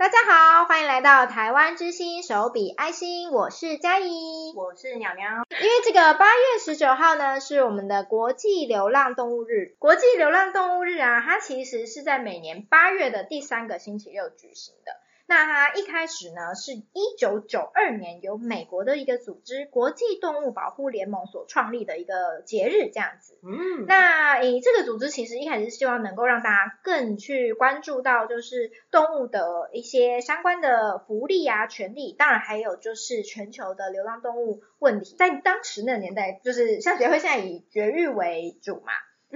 大家好，歡迎來到台灣之心手筆愛心，我是佳怡，我是鳥鳥。因為這個八月十九號呢，是我們的國際流浪動物日。國際流浪動物日啊，它其實是在每年八月的第三個星期六舉行的。那它一開始呢，是一九九二年由美國的一個組織國際動物保護聯盟所創立的一個節日，這樣子。嗯，那以這個組織其實一開始是希望能夠讓大家更去關注到，就是動物的一些相關的福利啊、權利，當然還有就是全球的流浪動物問題。在當時那個年代，就是像協會現在以絕育為主嘛。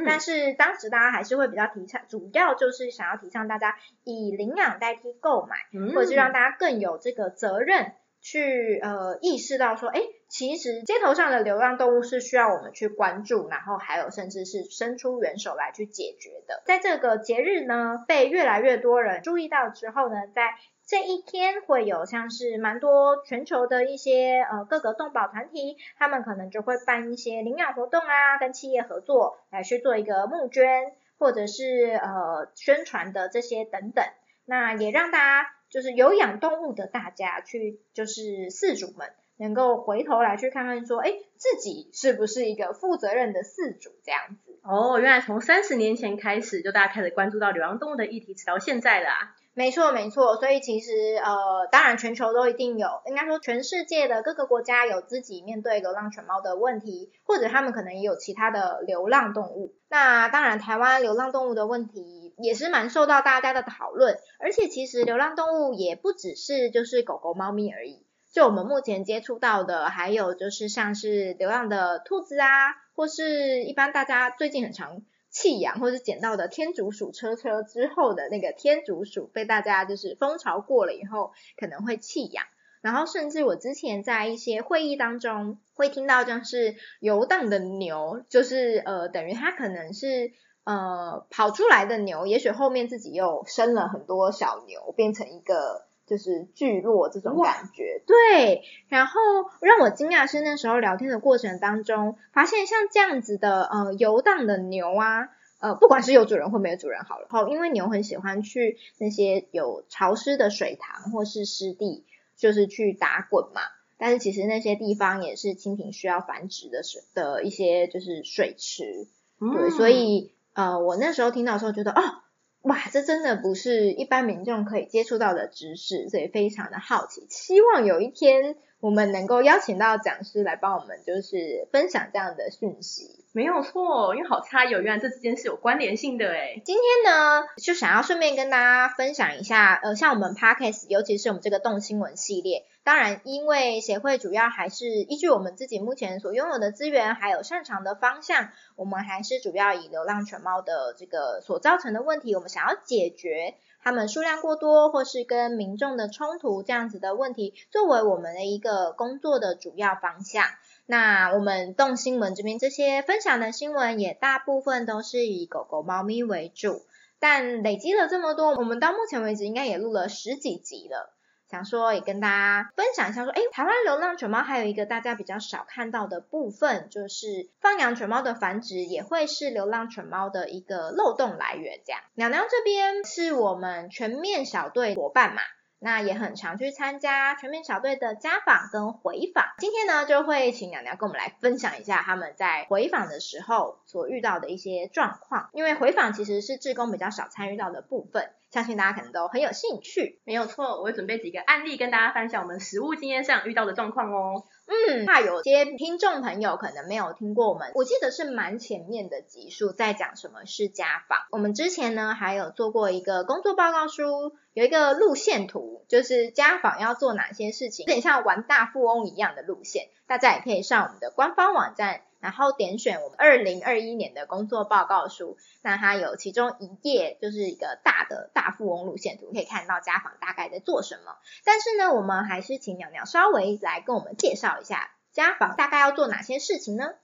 但是當時大家還是會比較提倡，主要就是想要提倡大家以領養代替購買，或者是讓大家更有這個責任去呃意識到說，哎、欸。其實街頭上的流浪動物是需要我們去關注，然後還有甚至是伸出援手來去解決的。在這個節日呢，被越來越多人注意到之後呢，在這一天會有像是蠻多全球的一些呃各個動保團體，他們可能就會辦一些領養活動啊，跟企業合作來去做一個募捐，或者是呃宣傳的這些等等。那也讓大家就是有養動物的大家去，就是飼主們。能夠回頭來去看看，說，哎，自己是不是一個負責任的飼主這樣子？哦，原來從三十年前開始，就大家開始關注到流浪動物的議題，直到現在了啊。沒錯，沒錯。所以其實，呃，當然全球都一定有，應該說全世界的各個國家有自己面對流浪犬貓的問題，或者他們可能也有其他的流浪動物。那當然，台灣流浪動物的問題也是蠻受到大家的討論。而且，其實流浪動物也不只是就是狗狗、貓咪而已。就我們目前接觸到的，還有就是像是流浪的兔子啊，或是一般大家最近很常棄養，或者撿到的天竺鼠車車之後的那個天竺鼠，被大家就是風潮過了以後可能會棄養。然後甚至我之前在一些會議當中會聽到，就是遊蕩的牛，就是呃等於它可能是呃跑出來的牛，也許後面自己又生了很多小牛，變成一個。就是聚落這種感覺，哇對。然後讓我驚訝是那時候聊天的過程當中，發現像這樣子的呃遊蕩的牛啊，呃不管是有主人或沒有主人好了，好、哦，因為牛很喜歡去那些有潮濕的水塘或是濕地，就是去打滾嘛。但是其實那些地方也是蜻蜓需要繁殖的水的一些就是水池，對。嗯、所以呃我那時候聽到的時候覺得哦。哇，這真的不是一般民眾可以接觸到的知識，所以非常的好奇。希望有一天我們能夠邀請到講師來幫我們，就是分享這樣的訊息。沒有錯，因為好差有原來這之間是有關聯性的哎。今天呢，就想要順便跟大家分享一下，呃，像我們 Podcast，尤其是我們這個動心聞系列。當然，因為協會主要還是依據我們自己目前所擁有的資源，還有擅長的方向，我們還是主要以流浪犬貓的這個所造成的問題，我們想要解決它們數量過多，或是跟民眾的衝突這樣子的問題，作為我們的一個工作的主要方向。那我們動心聞這邊這些分享的新聞，也大部分都是以狗狗、貓咪為主。但累積了這麼多，我們到目前為止應該也錄了十幾集了。想說也跟大家分享一下，說，誒，台灣流浪犬貓還有一個大家比較少看到的部分，就是放養犬貓的繁殖也會是流浪犬貓的一個漏洞來源。這樣，娘娘這邊是我們全面小隊伙伴嘛。那也很常去參加全民小隊的家訪跟回訪。今天呢，就會請娘娘跟我們來分享一下他們在回訪的時候所遇到的一些狀況。因為回訪其實是志工比較少參與到的部分，相信大家可能都很有興趣。沒有錯，我會準備幾個案例跟大家分享我們實務經驗上遇到的狀況哦。嗯，怕有些聽眾朋友可能沒有聽過我們，我記得是蠻前面的集數在講什麼是家訪。我們之前呢還有做過一個工作報告書，有一個路線圖，就是家訪要做哪些事情，有點像玩大富翁一樣的路線，大家也可以上我們的官方網站。然後點選我們二零二一年的工作報告書，那它有其中一頁就是一個大的大富翁路線圖，可以看到家訪大概在做什麼。但是呢，我們還是請娘娘稍微來跟我們介紹一下家訪大概要做哪些事情呢？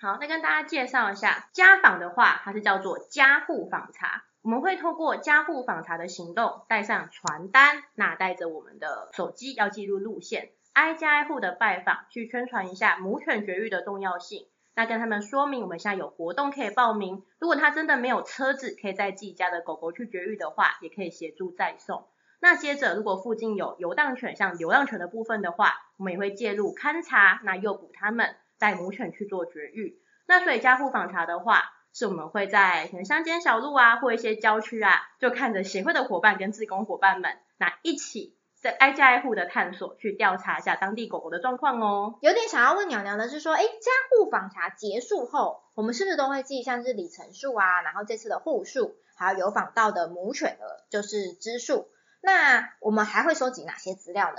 好，那跟大家介紹一下家訪的話，它是叫做家戶訪查，我們會透過家戶訪查的行動，帶上傳單，那帶着我們的手機要記錄路線，挨家挨戶的拜訪，去宣傳一下母犬絕育的重要性。那跟他們說明，我們現在有活動可以報名。如果他真的沒有車子，可以在自己家的狗狗去絕育的話，也可以協助載送。那接着，如果附近有遊蕩犬，像流浪犬的部分的話，我們也會介入勘察，那誘捕他們，帶母犬去做絕育。那所以家戶訪查的話，是我們會在可能鄉間小路啊，或一些郊區啊，就看着協會的夥伴跟志工夥伴們，那一起。在挨家挨戶的探索，去調查一下當地狗狗的狀況哦。有點想要問娘娘的是說，誒，欸，家戶訪查結束後，我們是不是都會記像是里程數啊，然後這次的戶數，還有有訪到的母犬的，就是隻數。那我們還會收集哪些資料呢？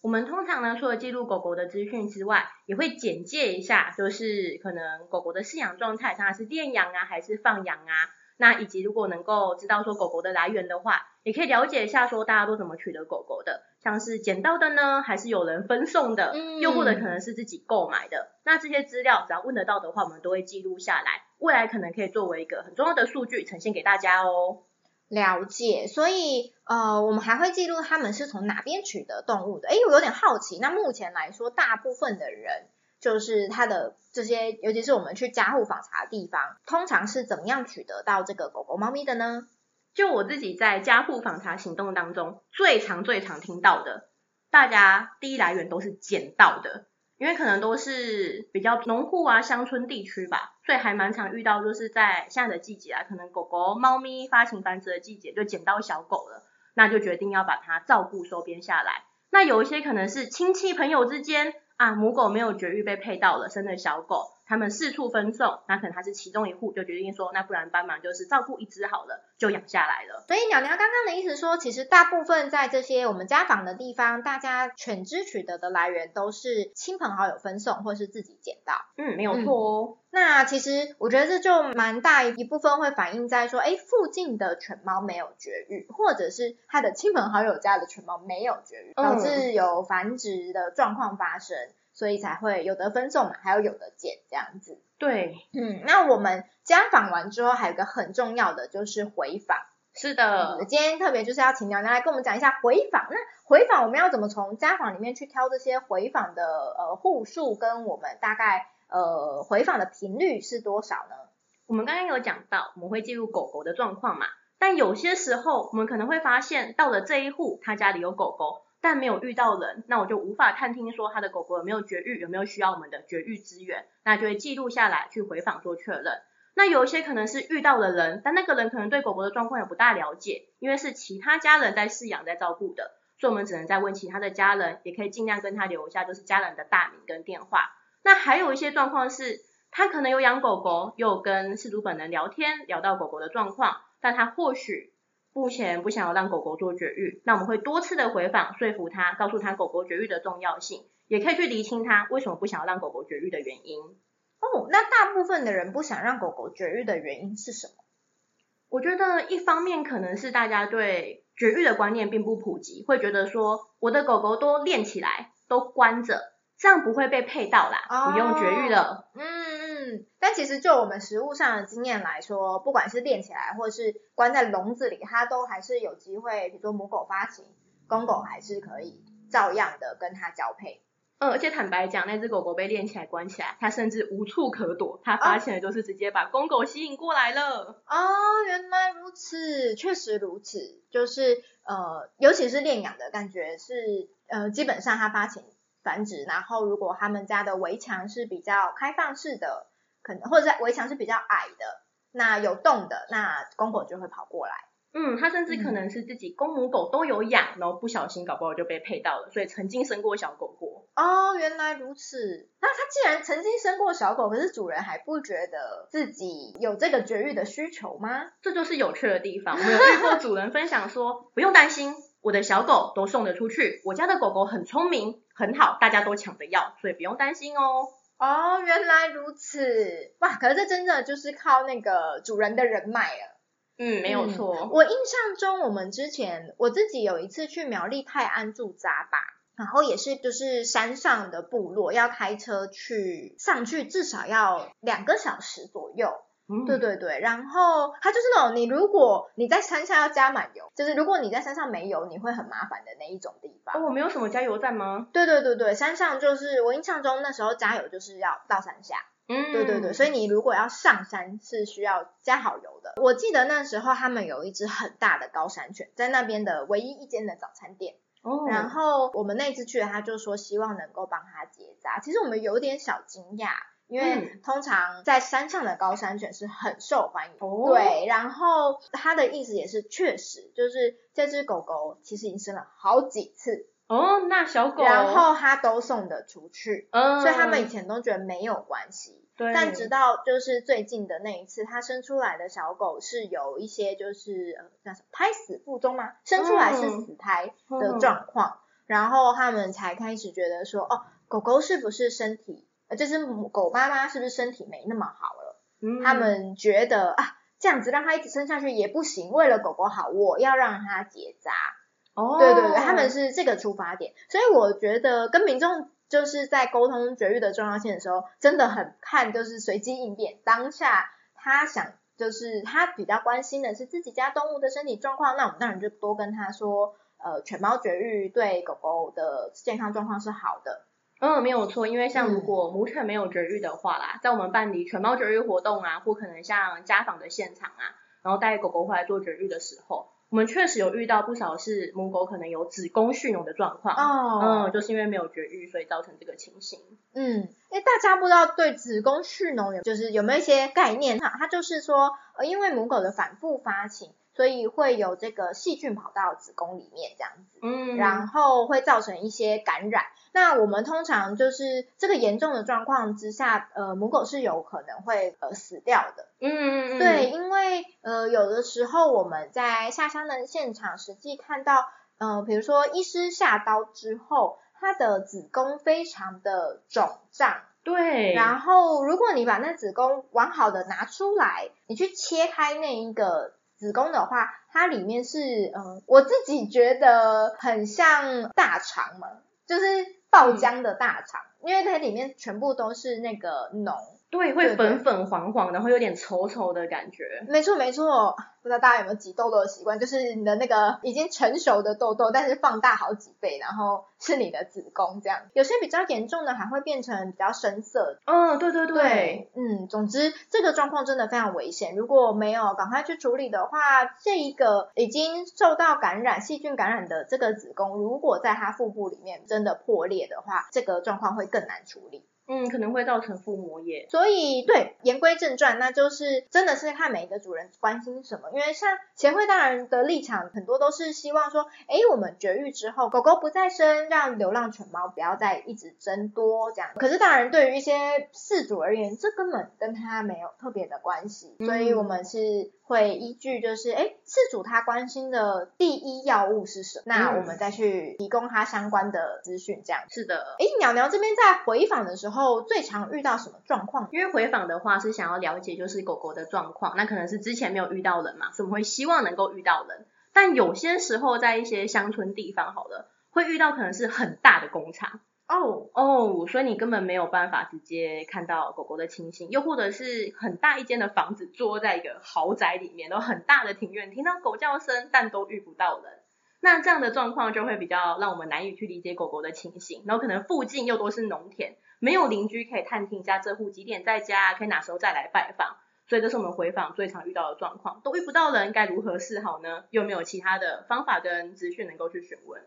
我們通常呢，除了記錄狗狗的資訊之外，也會簡介一下，就是可能狗狗的飼養狀態，它是圈養啊，還是放養啊？那以及如果能夠知道說狗狗的來源的話，也可以了解一下，說大家都怎麼取得狗狗的，像是撿到的呢，還是有人分送的，又或者可能是自己購買的。嗯、那這些資料，只要問得到的話，我們都會記錄下來，未來可能可以作為一個很重要的數據呈現給大家哦。了解，所以呃，我們還會記錄他們是從哪邊取得動物的。哎，我有點好奇，那目前來說，大部分的人就是他的這些，尤其是我們去家戶訪查的地方，通常是怎麼樣取得到這個狗狗、貓咪的呢？就我自己在家戶訪查行動當中，最常、最常聽到的，大家第一來源都是撿到的，因為可能都是比較農戶啊、鄉村地區吧，所以還蠻常遇到，就是在現在的季節啊，可能狗狗、貓咪發情繁殖的季節，就撿到小狗了，那就決定要把它照顧、收編下來。那有一些可能是親戚朋友之間啊，母狗沒有絕育被配到了，生了小狗。他們四處分送，那可能他是其中一戶，就決定說，那不然幫忙就是照顧一隻好了，就養下來了。所以鳥鳥剛剛的意思說，其實大部分在這些我們家訪的地方，大家犬只取得的來源都是親朋好友分送，或是自己撿到。嗯，沒有錯哦，嗯。那其實我覺得這就蠻大一部分會反映在說，誒，附近的犬貓沒有絕育，或者是他的親朋好友家的犬貓沒有絕育，導致有繁殖的狀況發生。嗯所以才會有得分送嘛，還有有得撿這樣子。對，嗯，那我們家訪完之後，還有一個很重要的就是回訪。是的、嗯，今天特別就是要請娘娘來跟我們講一下回訪。那回訪我們要怎麼從家訪裡面去挑這些回訪的呃戶數，跟我們大概呃回訪的頻率是多少呢？我們剛剛有講到，我們會記錄狗狗的狀況嘛，但有些時候我們可能會發現，到了這一戶，他家裡有狗狗。但沒有遇到人，那我就無法探聽說他的狗狗有沒有絕育，有沒有需要我們的絕育資源，那就會記錄下來去回訪做確認。那有一些可能是遇到了人，但那個人可能對狗狗的狀況也不大了解，因為是其他家人在飼養在照顧的，所以我們只能再問其他的家人，也可以盡量跟他留一下就是家人的大名跟電話。那還有一些狀況是他可能有養狗狗，又有跟失主本人聊天聊到狗狗的狀況，但他或許。目前不想要讓狗狗做絕育，那我們會多次的回訪，說服他，告訴他狗狗絕育的重要性，也可以去釐清他為什麼不想要讓狗狗絕育的原因。哦，那大部分的人不想讓狗狗絕育的原因是什麼？我覺得一方面可能是大家對絕育的觀念並不普及，會覺得說我的狗狗都鏈起來，都關着，這樣不會被配到啦，不用絕育了。Oh, 嗯。嗯，但其實就我們實務上的經驗來說，不管是鏈起來或是關在籠子裡，它都還是有機會，比如說母狗發情，公狗還是可以照樣的跟它交配。嗯，而且坦白講，那只狗狗被鏈起來關起來，它甚至無處可躲，它發情的就是直接把公狗吸引過來了。哦，原來如此，確實如此，就是呃，尤其是鏈養的感覺是呃，基本上它發情繁殖，然後如果他們家的圍牆是比較開放式的。可能或者在圍牆是比較矮的、那有洞的，那公狗就會跑過來。嗯，它甚至可能是自己公母狗都有養、嗯、然後不小心搞不好就被配到了，所以曾經生過小狗過。哦，原來如此。那它既然曾經生過小狗，可是主人還不覺得自己有這個絕育的需求嗎？這就是有趣的地方。我們有遇過主人分享說， 不用擔心，我的小狗都送得出去，我家的狗狗很聰明、很好，大家都搶着要，所以不用擔心哦。哦，原來如此，哇！可是這真的就是靠那個主人的人脈了，嗯，嗯，沒有錯。我印象中，我們之前我自己有一次去苗栗泰安駐紮吧，然後也是就是山上的部落，要開車去上去，至少要兩個小時左右。嗯，對對對，然後它就是那種你如果你在山下要加滿油，就是如果你在山上沒油，你會很麻煩的那一種地方。我、哦、沒有什麼加油站嗎？對對對對，山上就是我印象中那時候加油就是要到山下。嗯，對對對，所以你如果要上山是需要加好油的。我記得那時候他們有一隻很大的高山犬，在那邊的唯一一間的早餐店。哦，然後我們那次去他就說希望能夠幫他結紮。其實我們有點小驚訝。因為通常在山上的高山犬是很受歡迎，哦、對。然後他的意思也是確實，就是這只狗狗其實已經生了好幾次哦，那小狗，然後他都送得出去，嗯，所以他們以前都覺得沒有關係。對、嗯。但直到就是最近的那一次，他對生出來的小狗是有一些就是、呃、那什麼胎死腹中嘛，生出來是死胎的狀況，嗯嗯、然後他們才開始覺得說，哦，狗狗是不是身體？呃，就是母狗媽媽是不是身體沒那麼好了？嗯。他們覺得啊，這樣子讓它一直生下去也不行，為了狗狗好，我要讓它結紮。哦，對對對，他們是這個出發點。所以我覺得跟民眾就是在溝通絕育的重要性的時候，真的很看就是隨機應變，當下他想就是他比較關心的是自己家動物的身體狀況，那我們當然就多跟他說，呃，犬貓絕育對狗狗的健康狀況是好的。嗯、哦，沒有錯，因為像如果母犬沒有絕育的話啦，嗯、在我們辦理犬貓絕育活動啊，或可能像家訪的現場啊，然後帶狗狗回來做絕育的時候，我們確實有遇到不少是母狗可能有子宮蓄膿的狀況。哦，嗯，就是因為沒有絕育，所以造成這個情形。嗯，哎，大家不知道對子宮蓄膿有就是有沒有一些概念？哈，它就是說，呃，因為母狗的反復發情。所以會有這個細菌跑到子宮裡面這樣子，嗯，然後會造成一些感染。那我們通常就是這個嚴重的狀況之下，呃，母狗是有可能會呃死掉的，嗯，對，因為呃有的時候我們在下鄉的現場實際看到，呃，比如說醫師下刀之後，它的子宮非常的腫脹，對。然後如果你把那子宮完好的拿出來，你去切開那一個。子宮的話，它裡面是嗯，我自己覺得很像大腸嘛，就是爆漿的大腸，嗯、因為它裡面全部都是那個膿。對，會粉粉黃黃的，會有點稠稠的感覺。對對沒錯沒錯，不知道大家有沒有擠痘痘的習慣？就是你的那個已經成熟的痘痘，但是放大好幾倍，然後是你的子宮這樣。有些比較嚴重的，還會變成比較深色的。嗯、哦，對對對，對，嗯，總之這個狀況真的非常危險。如果沒有趕快去處理的話，這一個已經受到感染、細菌感染的這個子宮，如果在它腹部裡面真的破裂的話，這個狀況會更難處理。嗯，可能會造成腹膜炎，所以對，言歸正傳，那就是真的是看每一個主人關心什麼，因為像協會當然的立場，很多都是希望說，哎，我們絕育之後狗狗不再生，讓流浪犬貓不要再一直增多這樣。可是當然對於一些飼主而言，這根本跟他沒有特別的關係，嗯、所以我們是會依據就是，哎，飼主他關心的第一要務是什麼，嗯、那我們再去提供他相關的資訊這樣。是的，哎，鳥鳥這邊在回訪的時候。後最常遇到什麼狀況？因為回訪的話是想要了解就是狗狗的狀況，那可能是之前沒有遇到人嘛，所以會希望能夠遇到人。但有些時候在一些鄉村地方，好了，會遇到可能是很大的工廠哦哦，所以你根本沒有辦法直接看到狗狗的情形，又或者是很大一間的房子，住在一個豪宅裡面，都很大的庭院，聽到狗叫聲，但都遇不到人。那這樣的狀況就會比較讓我們難以去理解狗狗的情形，然後可能附近又都是農田，沒有鄰居可以探聽一下這戶幾點在家，可以哪時候再來拜訪。所以這是我們回訪最常遇到的狀況，都遇不到人，該如何是好呢？又沒有其他的方法跟資訊能夠去詢問。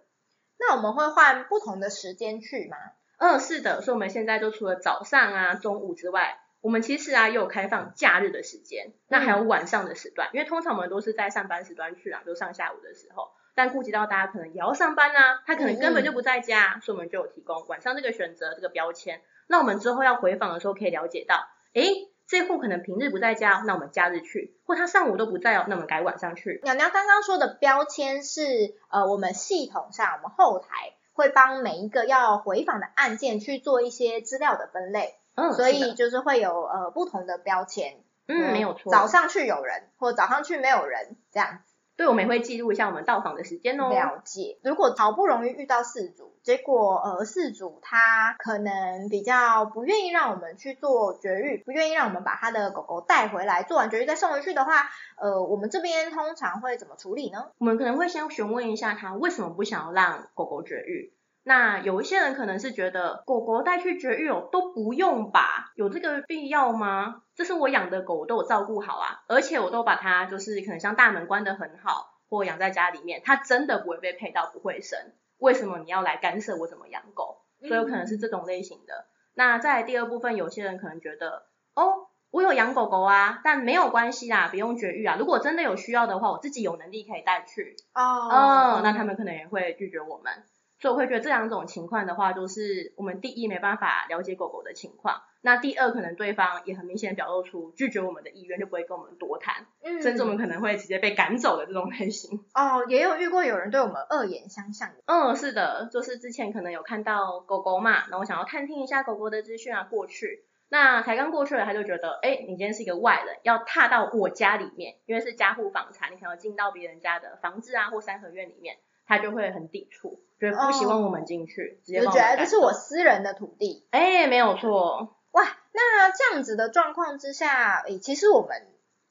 那我們會換不同的時間去嗎？嗯，是的，所以我們現在就除了早上啊、中午之外，我們其實啊也有開放假日的時間，那還有晚上的時段，因為通常我們都是在上班時段去啊，就上下午的時候。但顧及到大家可能也要上班啊，他可能根本就不在家，嗯，所以我們就有提供晚上這個選擇這個標籤。那我們之後要回訪的時候可以了解到，誒,這戶可能平日不在家,那我們假日去，或他上午都不在哦，那我們改晚上去。娘娘剛剛說的標籤是，呃，我們系統上我們後台會幫每一個要回訪的案件去做一些資料的分類，嗯，所以就是會有呃不同的標籤，嗯，嗯，沒有錯，早上去有人，或早上去沒有人這樣對，我們也會記錄一下我們到訪的時間哦。了解。如果好不容易遇到飼主，結果，呃，飼主他可能比較不願意讓我們去做絕育，不願意讓我們把他的狗狗帶回來，做完絕育再送回去的話，呃，我們這邊通常會怎麼處理呢？我們可能會先詢問一下他為什麼不想要讓狗狗絕育。那有一些人可能是覺得狗狗帶去絕育哦都不用吧，有這個必要嗎？這是我養的狗，我都有照顧好啊，而且我都把它就是可能像大門關得很好，或養在家裡面，它真的不會被配到不會生。為什麼你要來干涉我怎麼養狗？所以有可能是這種類型的。嗯、那在第二部分，有些人可能覺得，哦，我有養狗狗啊，但沒有關係啊，不用絕育啊。如果真的有需要的話，我自己有能力可以帶去。哦，嗯、哦，那他們可能也會拒絕我們。所以我會覺得這兩種情況的話，就是我們第一沒辦法了解狗狗的情況，那第二可能對方也很明顯表露出拒絕我們的意願，就不會跟我們多談，嗯、甚至我們可能會直接被趕走的這種類型。哦，也有遇過有人對我們惡言相向。嗯，是的，就是之前可能有看到狗狗嘛，然後想要探聽一下狗狗的資訊啊，過去，那才剛過去了，他就覺得，哎，你今天是一個外人，要踏到我家裡面，因為是家戶訪查，你想要進到別人家的房子啊或三合院裡面，他就會很抵觸。覺得不希望我們進去，就、哦、覺得這是我私人的土地。誒沒有錯。哇，那這樣子的狀況之下誒，其實我們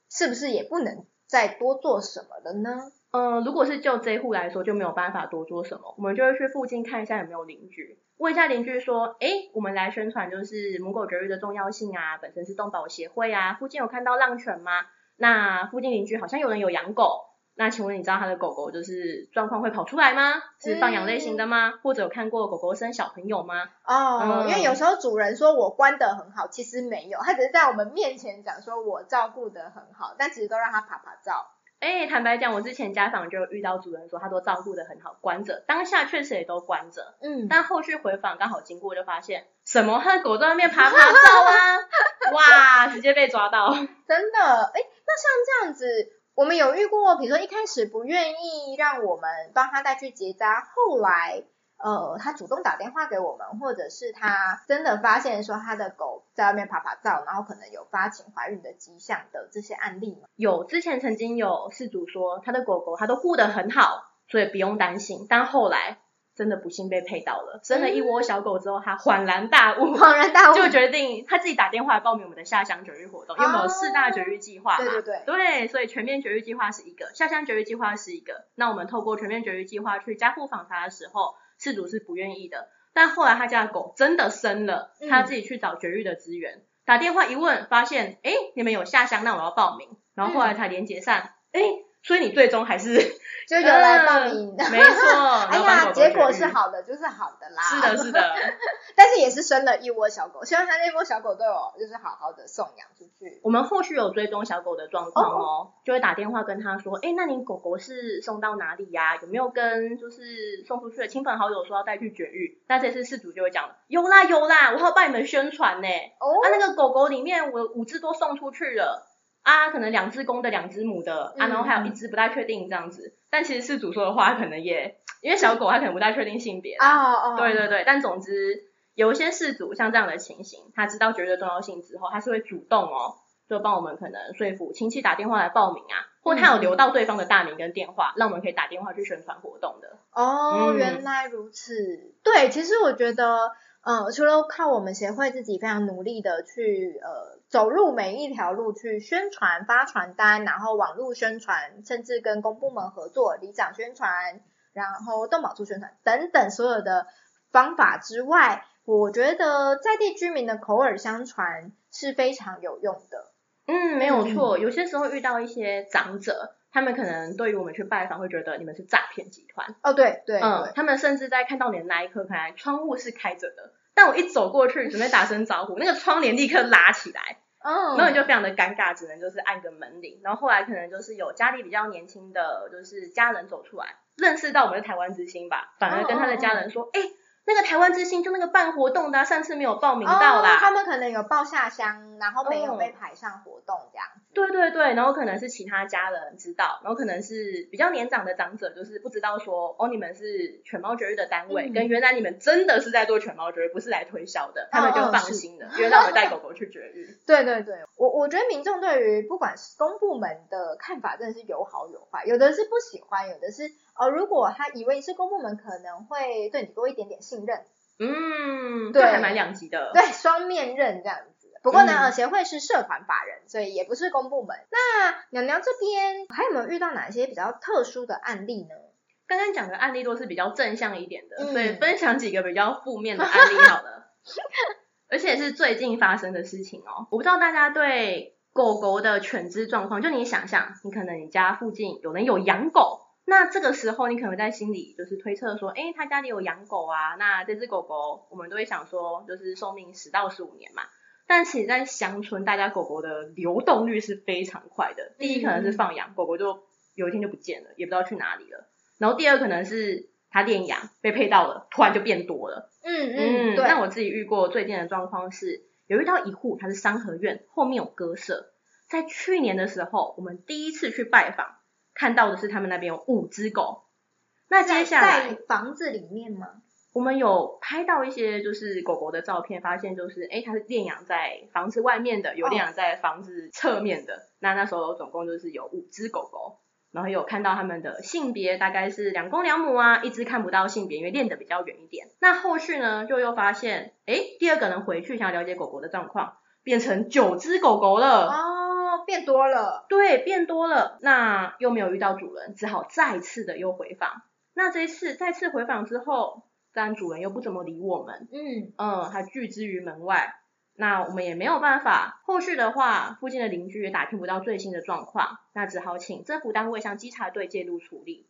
是不是也不能再多做什麼了呢？呃，如果是就這戶來說，就沒有辦法多做什麼，我們就會去附近看一下有沒有鄰居，問一下鄰居說，哎，我們來宣傳就是母狗絕育的重要性啊，本身是動保協會啊，附近有看到浪犬嗎？那附近鄰居好像有人有養狗。那請問你知道他的狗狗就是狀況會跑出來嗎？是放養類型的嗎？嗯、或者有看過狗狗生小朋友嗎？哦，嗯、因為有時候主人說我關得很好，其實沒有，他只是在我們面前講說我照顧得很好，但其實都讓他趴趴走。哎，坦白講，我之前家訪就遇到主人說他都照顧得很好，關着，當下確實也都關着，嗯，但後續回訪剛好經過就發現，什麼，它的狗在外面趴趴走啊， 哇， 直接被抓到。真的，哎，那像這樣子。我們有遇過，比如說一開始不願意讓我們幫他帶去結紮，後來呃他主動打電話給我們，或者是他真的發現說他的狗在外面趴趴走，然後可能有發情懷孕的跡象的這些案例嗎？有，之前曾經有飼主說他的狗狗他都護得很好，所以不用擔心，但後來。真的不幸被配到了，嗯、生了一窩小狗之後，他恍然大悟，恍然大悟就決定他自己打電話來報名我們的下鄉絕育活動，哦、因為我們有四大絕育計劃嘛，對對對，對，所以全面絕育計劃是一個，下鄉絕育計劃是一個，那我們透過全面絕育計劃去家戶訪查的時候，飼主是不願意的，但後來他家的狗真的生了，他、嗯、自己去找絕育的資源，打電話一問，發現哎、欸，你們有下鄉，那我要報名，然後後來才聯結上，哎、嗯欸，所以你最終還是就原來報名的，嗯、沒錯。 好的就是好的啦，是的，是的，是的，但是也是生了一窩小狗，希望他那窩小狗都有就是好好的送養出去。我們後續有追蹤小狗的狀況哦，哦就會打電話跟他說，哎、欸，那你狗狗是送到哪裡呀、啊？有沒有跟就是送出去的親朋好友說要帶去絕育？那這次事主就會講，有啦有啦，我要幫你們宣傳呢、欸。哦，啊、那個狗狗裡面我五隻都送出去了，啊，可能兩隻公的，兩隻母的，啊，然後還有一隻不太確定這樣子。嗯但其實事主說的話，可能也因為小狗，它可能不太確定性別啊。嗯、oh, oh, oh. 對對對，但總之有一些事主像這樣的情形，他知道絕育重要性之後，他是會主動哦，就幫我們可能說服親戚打電話來報名啊，或他有留到對方的大名跟電話，嗯、讓我們可以打電話去宣傳活動的。哦、oh, 嗯，原來如此。對，其實我覺得，嗯，除了靠我們協會自己非常努力的去，呃。走入每一條路去宣傳發傳單，然後網絡宣傳，甚至跟公部門合作、里長宣傳、然後動保處宣傳等等所有的方法之外，我覺得在地居民的口耳相傳是非常有用的。嗯，沒有錯。嗯，有些時候遇到一些長者，他們可能對於我們去拜訪會覺得你們是詐騙集團。哦，對對。對，嗯，他們甚至在看到你的那一刻，可能窗戶是開着的。但我一走過去，準備打聲招呼，那個窗簾立刻拉起來，oh. 然後你就非常的尷尬，只能就是按個門鈴。然後後來可能就是有家裡比較年輕的就是家人走出來，認識到我們的台灣之心吧，反而跟他的家人說，哎、oh.。那個台灣之心就那個辦活動的、啊，上次沒有報名到啦、哦。他們可能有報下鄉，然後沒有被排上活動這樣子、哦。對對對，然後可能是其他家人知道，然後可能是比較年長的長者，就是不知道說哦，你們是犬貓絕育的單位，嗯、跟原來你們真的是在做犬貓絕育，不是來推銷的，嗯、他們就放心了，就讓我們帶狗狗去絕育。 對對對，我我覺得民眾對於不管是公部門的看法，真的是有好有壞，有的是不喜歡，有的是。哦，如果他以為是公部門，可能會對你多一點點信任。嗯，對，還蠻兩極的。對，雙面刃這樣子。不過呢，呃協會是社團法人，嗯、所以也不是公部門。那娘娘這邊還有沒有遇到哪些比較特殊的案例呢？剛剛講的案例都是比較正向一點的，嗯、所以分享幾個比較負面的案例好了。 而且是最近發生的事情哦。我不知道大家對狗狗的犬隻狀況，就你想想，你可能你家附近有人有養狗。那這個時候，你可能在心裡就是推測說，誒，他家裡有養狗啊。那這只狗狗，我們都會想說，就是壽命十到十五年嘛。但其實，在鄉村，大家狗狗的流動率是非常快的。第一，可能是放養，狗狗就有一天就不見了，也不知道去哪裡了。然後，第二，可能是他戀養，被配到了，突然就變多了。嗯嗯。嗯對。但我自己遇過最近的狀況是，有遇到一戶，它是三合院，後面有鴿舍。在去年的時候，我們第一次去拜訪。看到的是他們那邊有五隻狗，那接下來在房子裡面嗎？我們有拍到一些就是狗狗的照片，發現就是哎、欸，它是鏈養在房子外面的，有鏈養在房子側面的。Oh. 那那時候總共就是有五隻狗狗，然後又有看到他們的性別大概是兩公兩母啊，一隻看不到性別，因為鏈得比較遠一點。那後續呢，就又發現，哎、欸，第二個人回去想要了解狗狗的狀況，變成九隻狗狗了、oh. 變多了，對，變多了。那又沒有遇到主人，只好再次的又回訪。那這一次再次回訪之後，當然主人又不怎麼理我們，嗯嗯，還拒之於門外。那我們也沒有辦法，後續的話，附近的鄰居也打聽不到最新的狀況，那只好請政府單位向稽查隊介入處理。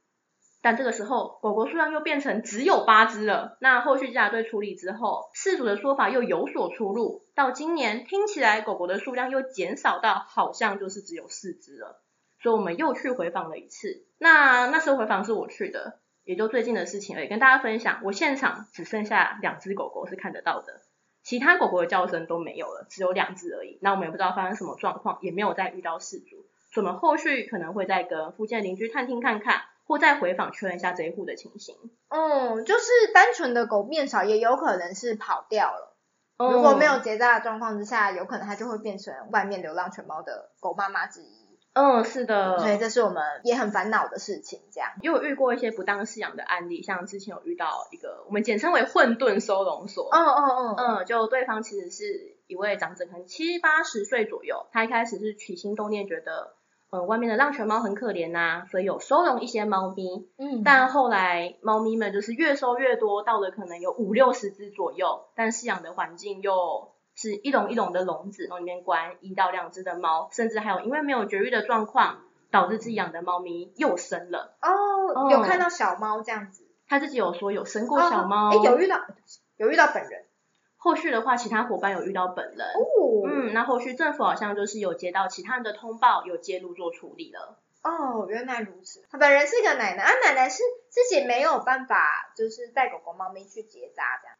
但這個時候，狗狗數量又變成只有八隻了。那後續調查隊處理之後，事主的說法又有所出入。到今年，聽起來狗狗的數量又減少到好像就是只有四隻了。所以我們又去回訪了一次。那那時候回訪是我去的，也就最近的事情而已，跟大家分享。我現場只剩下兩隻狗狗是看得到的，其他狗狗的叫聲都沒有了，只有兩隻而已。那我們也不知道發生什麼狀況，也沒有再遇到事主。所以我們後續可能會再跟附近的鄰居探聽看看，或再回訪確認一下這一戶的情形。嗯，就是單純的狗變少，也有可能是跑掉了。嗯，如果沒有結紮的狀況之下，有可能它就會變成外面流浪犬貓的狗媽媽之一。嗯，是的，所以這是我們也很煩惱的事情。這樣，因為我遇過一些不當飼養的案例，像之前有遇到一個，我們簡稱為混沌收容所。嗯嗯嗯，嗯，就對方其實是一位長者，可能七八十歲左右。他一開始是起心動念覺得。嗯、外面的浪犬貓很可憐吶、啊，所以有收容一些貓咪。嗯，但後來貓咪們就是越收越多，到了可能有五六十隻左右，但飼養的環境又是一籠一籠的籠子，籠裡面關一到兩隻的貓，甚至還有因為沒有絕育的狀況，導致自己養的貓咪又生了。哦，嗯、有看到小貓這樣子，他自己有說有生過小貓，哎、哦，欸，有遇到，有遇到本人。後續的話，其他夥伴有遇到本人，哦。嗯，那後續政府好像就是有接到其他人的通報，有介入做處理了。哦，原來如此。他本人是個奶奶，啊，奶奶是自己沒有辦法，就是帶狗狗、貓咪去結紮，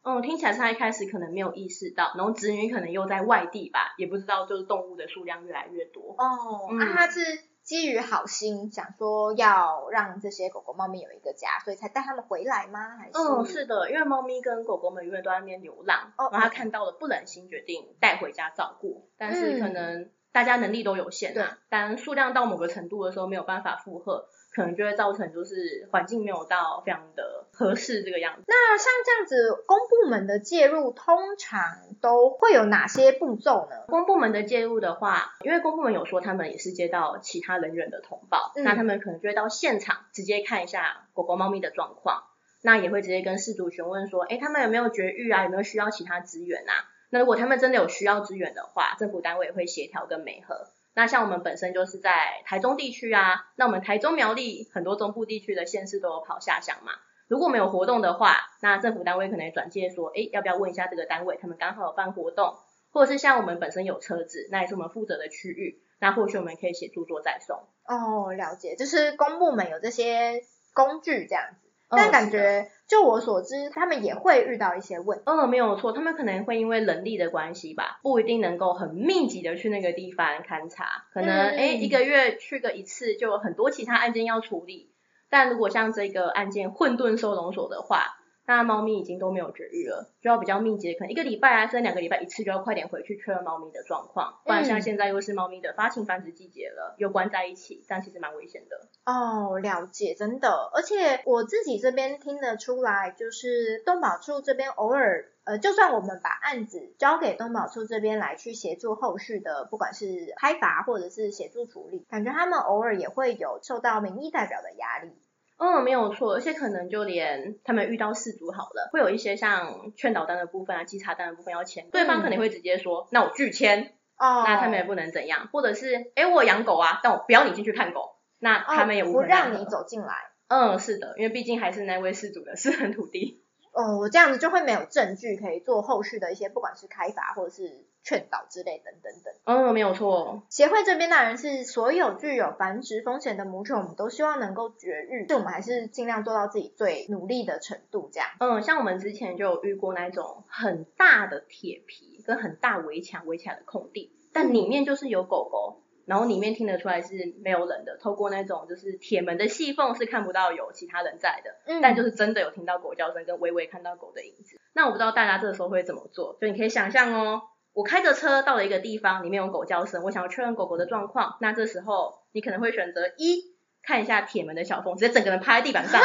這樣。嗯，聽起來是他一開始可能沒有意識到，然後子女可能又在外地吧，也不知道，就是動物的數量越來越多。哦，嗯、啊，他是。基於好心想說要讓這些狗狗、貓咪有一個家，所以才帶他們回來嗎？還是？嗯，是的，因為貓咪跟狗狗們永遠都在外面流浪，哦、然後他看到了不忍心，決定帶回家照顧。但是可能大家能力都有限啊，當、嗯、數量到某個程度的時候，沒有辦法負荷。可能就會造成就是環境沒有到非常的合適這個樣子。那像這樣子，公部門的介入通常都會有哪些步驟呢？公部門的介入的話，因為公部門有說他們也是接到其他人員的通報，嗯、那他們可能就會到現場直接看一下狗狗貓咪的狀況，那也會直接跟事主詢問說，哎、欸，他們有沒有絕育啊？有沒有需要其他資源啊？那如果他們真的有需要資源的話，政府單位也會協調跟媒合。那像我們本身就是在台中地區啊，那我們台中苗栗很多中部地區的縣市都有跑下鄉嘛。如果沒有活動的話，那政府單位可能也轉介說，哎，要不要問一下這個單位，他們剛好有辦活動，或者是像我們本身有車子，那也是我們負責的區域，那或許我們可以寫著作再送。哦，了解，就是公部門有這些工具這樣子，但感覺。哦就我所知，他們也會遇到一些問題。嗯，沒有錯，他們可能會因為人力的關係吧，不一定能夠很密集的去那個地方勘察。可能誒、嗯，欸，一個月去個一次，就有很多其他案件要處理。但如果像這個案件混沌收容所的話，那貓咪已經都沒有絕育了，就要比較密集，可能一個禮拜甚至兩個禮拜一次，就要快點回去確認貓咪的狀況。不然像現在又是貓咪的發情繁殖季節了，又關在一起，這樣其實蠻危險的。哦，了解，真的。而且我自己這邊聽得出來，就是動保處這邊偶爾，呃，就算我們把案子交給動保處這邊來去協助後續的，不管是開罰或者是協助處理，感覺他們偶爾也會有受到民意代表的壓力。嗯，沒有錯，而且可能就連他們遇到事主好了，會有一些像勸導單的部分啊、稽查單的部分要簽，對方肯定會直接說，嗯、那我拒簽，哦、那他們也不能怎樣，或者是，哎，我養狗啊，但我不要你進去看狗，那他們也無、哦。不讓你走進來。嗯，是的，因為畢竟還是那位事主的私人土地。哦，我這樣子就會沒有證據可以做後續的一些，不管是開罰或者是勸導之類等等等。嗯，沒有錯。協會這邊當然是所有具有繁殖風險的母犬，我們都希望能夠絕育，所以我們還是盡量做到自己最努力的程度，這樣。嗯，像我們之前就有遇過那種很大的鐵皮跟很大圍牆圍起來的空地，但裡面就是有狗狗。嗯。然後裡面聽得出來是沒有人的，透過那種就是鐵門的細縫是看不到有其他人在的，嗯，但就是真的有聽到狗叫聲跟微微看到狗的影子。那我不知道大家這個時候會怎麼做，就你可以想象哦，我開着車到了一個地方，裡面有狗叫聲，我想要確認狗狗的狀況。那這時候你可能會選擇一，看一下鐵門的小縫，直接整個人趴在地板上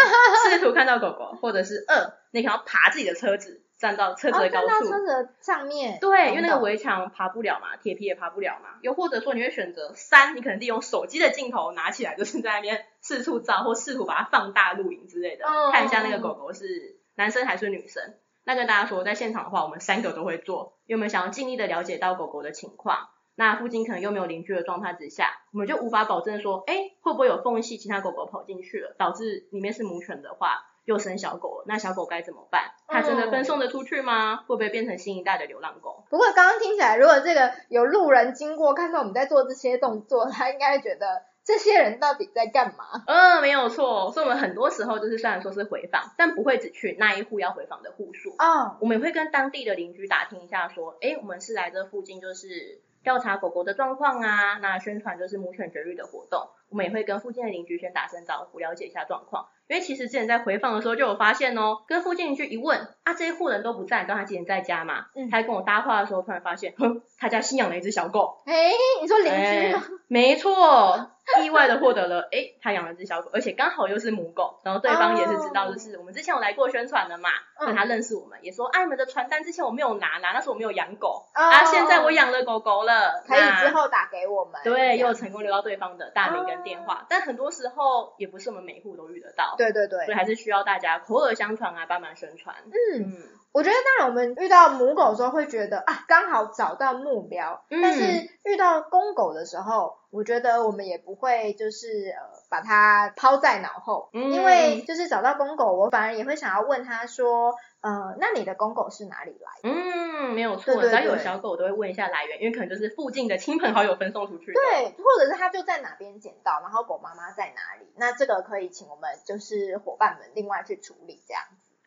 試圖看到狗狗，或者是二，你想要爬自己的車子。站到車子的高處，啊，站到車子的上面，對，因為那個圍牆爬不了嘛，鐵皮也爬不了嘛。又或者說，你會選擇三，你可能利用手機的鏡頭拿起來，就是在那邊四處照，或試圖把它放大錄影之類的。哦，看一下那個狗狗是男生還是女生。那跟大家說，在現場的話，我們三個都會做，因為我們想要盡力的了解到狗狗的情況。那附近可能又沒有鄰居的狀態之下，我們就無法保證說，哎，欸，會不會有縫隙，其他狗狗跑進去了，導致裡面是母犬的話。又生小狗了，那小狗該怎麼辦？它真的分送得出去嗎？嗯、會不會變成新一代的流浪狗？不過剛剛聽起來，如果這個有路人經過，看到我們在做這些動作，他應該會覺得這些人到底在幹嘛？嗯，沒有錯。所以我們很多時候就是雖然說是回訪，但不會只去那一戶要回訪的戶數哦，我們也會跟當地的鄰居打聽一下，說，誒，我們是來這附近就是調查狗狗的狀況啊，那宣傳就是母犬絕育的活動。我們也會跟附近的鄰居先打聲招呼，了解一下狀況。因為其實之前在回訪的時候就有發現哦，跟附近鄰居一問啊，這一戶人都不在，你知道他今天在家嘛。嗯。他跟我搭話的時候，突然發現，哼，他家新養了一隻小狗。哎、欸，你說鄰居、啊，欸？沒錯，意外的獲得了，哎、欸，他養了一隻小狗，而且剛好又是母狗。然後對方也是知道，就是、oh, 我們之前有來過宣傳的嘛，讓他認識我們，也說啊，你們的傳單之前我沒有拿，拿那時候我沒有養狗、oh, 啊，現在我養了狗狗了，可以之後打給我們。那對，又成功留到對方的大名跟。Oh. 電話，但很多時候也不是我們每戶都遇得到，對對對，所以還是需要大家口耳相傳啊，幫忙宣傳。嗯，我覺得當然我們遇到母狗的時候會覺得啊，剛好找到目標，嗯、但是遇到公狗的時候，我覺得我們也不會就是、呃、把它拋在腦後，嗯、因為就是找到公狗，我反而也會想要問他說。呃，那你的公狗是哪裡來的？嗯，沒有錯，只要有小狗，我都會問一下來源，因為可能就是附近的親朋好友分送出去的，對，或者是他就在哪邊撿到，然後狗媽媽在哪裡，那這個可以請我們就是夥伴們另外去處理這樣。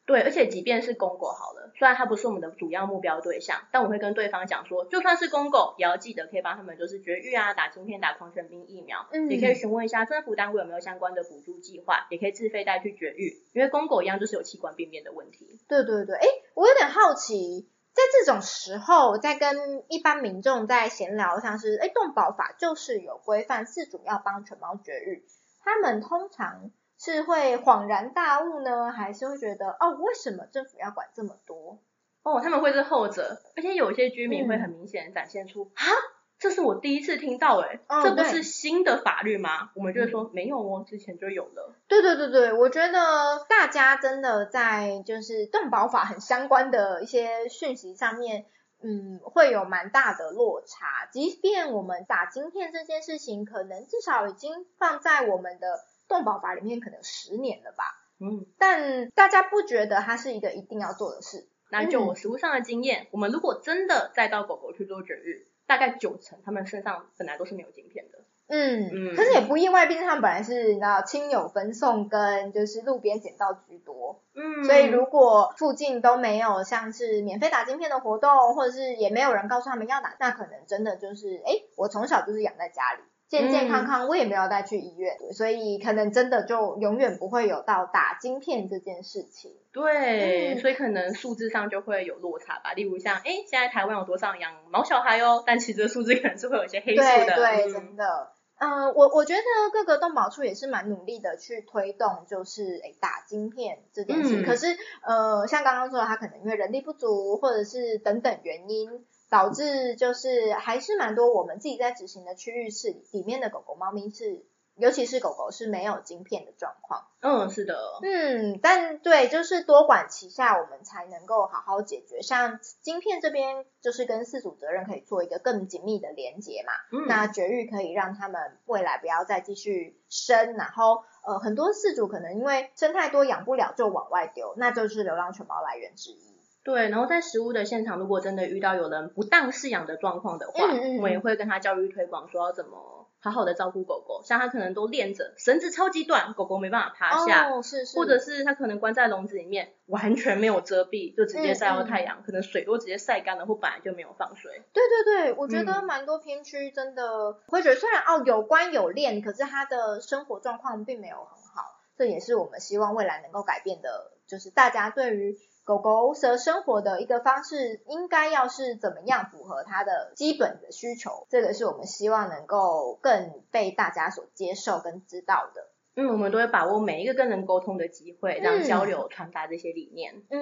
對，而且即便是公狗好了，雖然它不是我們的主要目標對象，但我會跟對方講說，就算是公狗，也要記得可以幫他們就是絕育啊、打晶片、打狂犬病疫苗，嗯、也可以詢問一下政府單位有沒有相關的補助計劃，也可以自費帶去絕育，因為公狗一樣就是有器官病變的問題。對對對，哎，我有點好奇，在這種時候，在跟一般民眾在閒聊上，是哎，動保法就是有規範，飼主要幫犬貓絕育，他們通常。是會恍然大悟呢，還是會覺得哦，為什麼政府要管這麼多？哦，他們會是後者，而且有一些居民會很明顯展現出，啊、嗯，這是我第一次聽到、欸，誒、哦、這不是新的法律嗎？哦、我們就會說、嗯、沒有哦，之前就有了。對對對對，我覺得大家真的在就是動保法很相關的一些訊息上面，嗯，會有蠻大的落差。即便我們打晶片這件事情，可能至少已經放在我們的。動保法裡面可能十年了吧，嗯，但大家不覺得它是一個一定要做的事。那就我實務上的經驗，嗯、我們如果真的帶到狗狗去做絕育，大概九成他們身上本來都是沒有晶片的，嗯，嗯。可是也不意外，畢竟他們本來是你知道親友分送跟就是路邊撿到居多，嗯，所以如果附近都沒有像是免費打晶片的活動，或者是也沒有人告訴他們要打，那可能真的就是哎，我從小就是養在家裡。健健康康，我也沒有帶去醫院，嗯、所以可能真的就永遠不會有到打晶片這件事情。對，嗯、所以可能數字上就會有落差吧。例如像，哎、欸，現在台灣有多少養毛小孩哦？但其實數字可能是會有一些黑數的對。對，嗯、真的。嗯、呃，我我覺得各個動保處也是蠻努力的去推動，就是誒、欸、打晶片這件事、嗯、可是，呃，像剛剛說的，他可能因為人力不足，或者是等等原因。導致就是還是蠻多，我們自己在執行的區域是裡面的狗狗、貓咪是，尤其是狗狗是沒有晶片的狀況。嗯、哦，是的。嗯，但對，就是多管齊下，我們才能夠好好解決。像晶片這邊，就是跟飼主責任可以做一個更緊密的連接嘛。嗯。那絕育可以讓它們未來不要再繼續生，然後呃，很多飼主可能因為生太多養不了，就往外丟，那就是流浪犬貓來源之一。對，然後在食物的現場，如果真的遇到有人不當飼養的狀況的話，嗯嗯嗯，我也會跟他教育推廣，說要怎麼好好的照顧狗狗。像他可能都鏈著，繩子超級短，狗狗沒辦法趴下，哦、是是，或者是他可能關在籠子裡面，完全沒有遮蔽，就直接曬到太陽，嗯嗯，可能水都直接曬乾了，或本來就沒有放水。對對對，我覺得蠻多偏區真的，嗯、我會覺得，雖然哦有關有鏈，可是他的生活狀況並沒有很好。這也是我們希望未來能夠改變的，就是大家對於。狗狗所生活的一個方式，應該要是怎麼樣符合它的基本的需求？這個是我們希望能夠更被大家所接受跟知道的。嗯，我們都會把握每一個跟人溝通的機會，讓交流、嗯、傳達這些理念。嗯，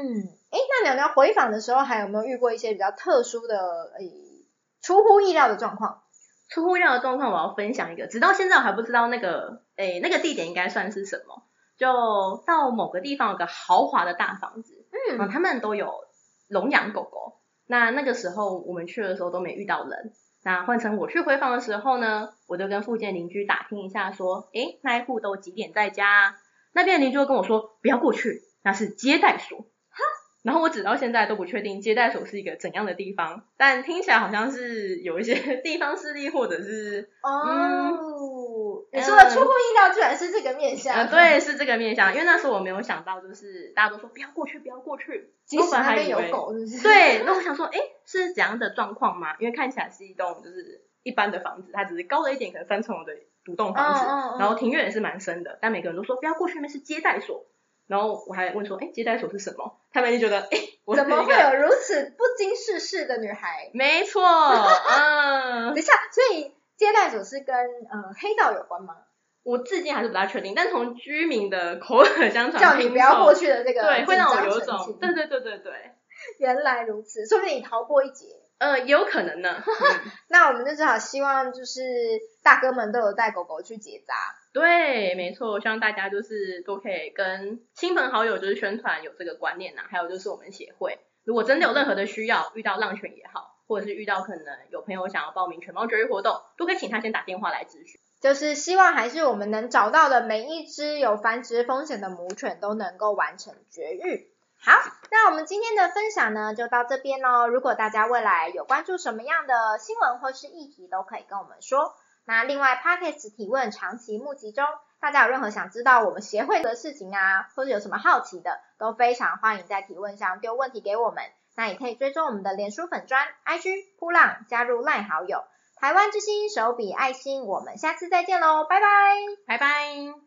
哎，那聊聊回訪的時候，還有沒有遇過一些比較特殊的、誒出乎意料的狀況？出乎意料的狀況，狀況我要分享一個，直到現在我還不知道那個，誒，那個地點應該算是什麼？就到某個地方有個豪華的大房子。嗯，他們都有籠養狗狗。那那個時候我們去的時候都沒遇到人。那換成我去回訪的時候呢，我就跟附近的鄰居打聽一下，說：“誒，那一戶都幾點在家啊？”那邊的鄰居就跟我說：“不要過去，那是接待所。”然後我直到現在都不確定接待所是一個怎樣的地方，但聽起來好像是有一些地方勢力或者是哦，你、嗯、說的出乎意料，居然是這個面向啊，嗯嗯。對，嗯，是這個面向，因為那時候我沒有想到，就是大家都說不要過去，不要過去，即使那邊有狗。嗯，對，那我想說，哎，是怎樣的狀況嗎？因為看起來是一棟就是一般的房子，它只是高了一點，可能三層樓的獨棟房子，哦哦哦，然後庭院也是蠻深的，但每個人都說不要過去，那邊是接待所。然後我還問說，哎，接待所是什麼？他們就覺得，哎，怎麼會有如此不經世事的女孩？沒錯，啊、 嗯！等一下，所以接待所是跟呃黑道有關嗎？我至今還是不大確定，但從居民的口耳相傳，叫你不要過去的這個，對，會讓我有種，對對對對對，原來如此，說不定你逃過一劫，嗯，有可能呢。嗯、 那我們就只好希望，就是大哥們都有帶狗狗去結紮。對，沒錯，希望大家就是都可以跟親朋好友就是宣傳有這個觀念吶、啊，還有就是我們協會，如果真的有任何的需要，遇到浪犬也好，或者是遇到可能有朋友想要報名犬貓絕育活動，都可以請他先打電話來諮詢。就是希望還是我們能找到的每一隻有繁殖風險的母犬都能夠完成絕育。好，那我們今天的分享呢，就到這邊嘍。如果大家未來有關注什麼樣的新聞或是議題，都可以跟我們說。那另外，Pockets 提問長期募集中，大家有任何想知道我們協會的事情啊，或者有什麼好奇的，都非常歡迎在提問上丟問題給我們。那也可以追蹤我們的臉書粉專，IG 噗浪，加入賴好友，台灣之心手比愛心。我們下次再見嘍，拜拜，拜拜。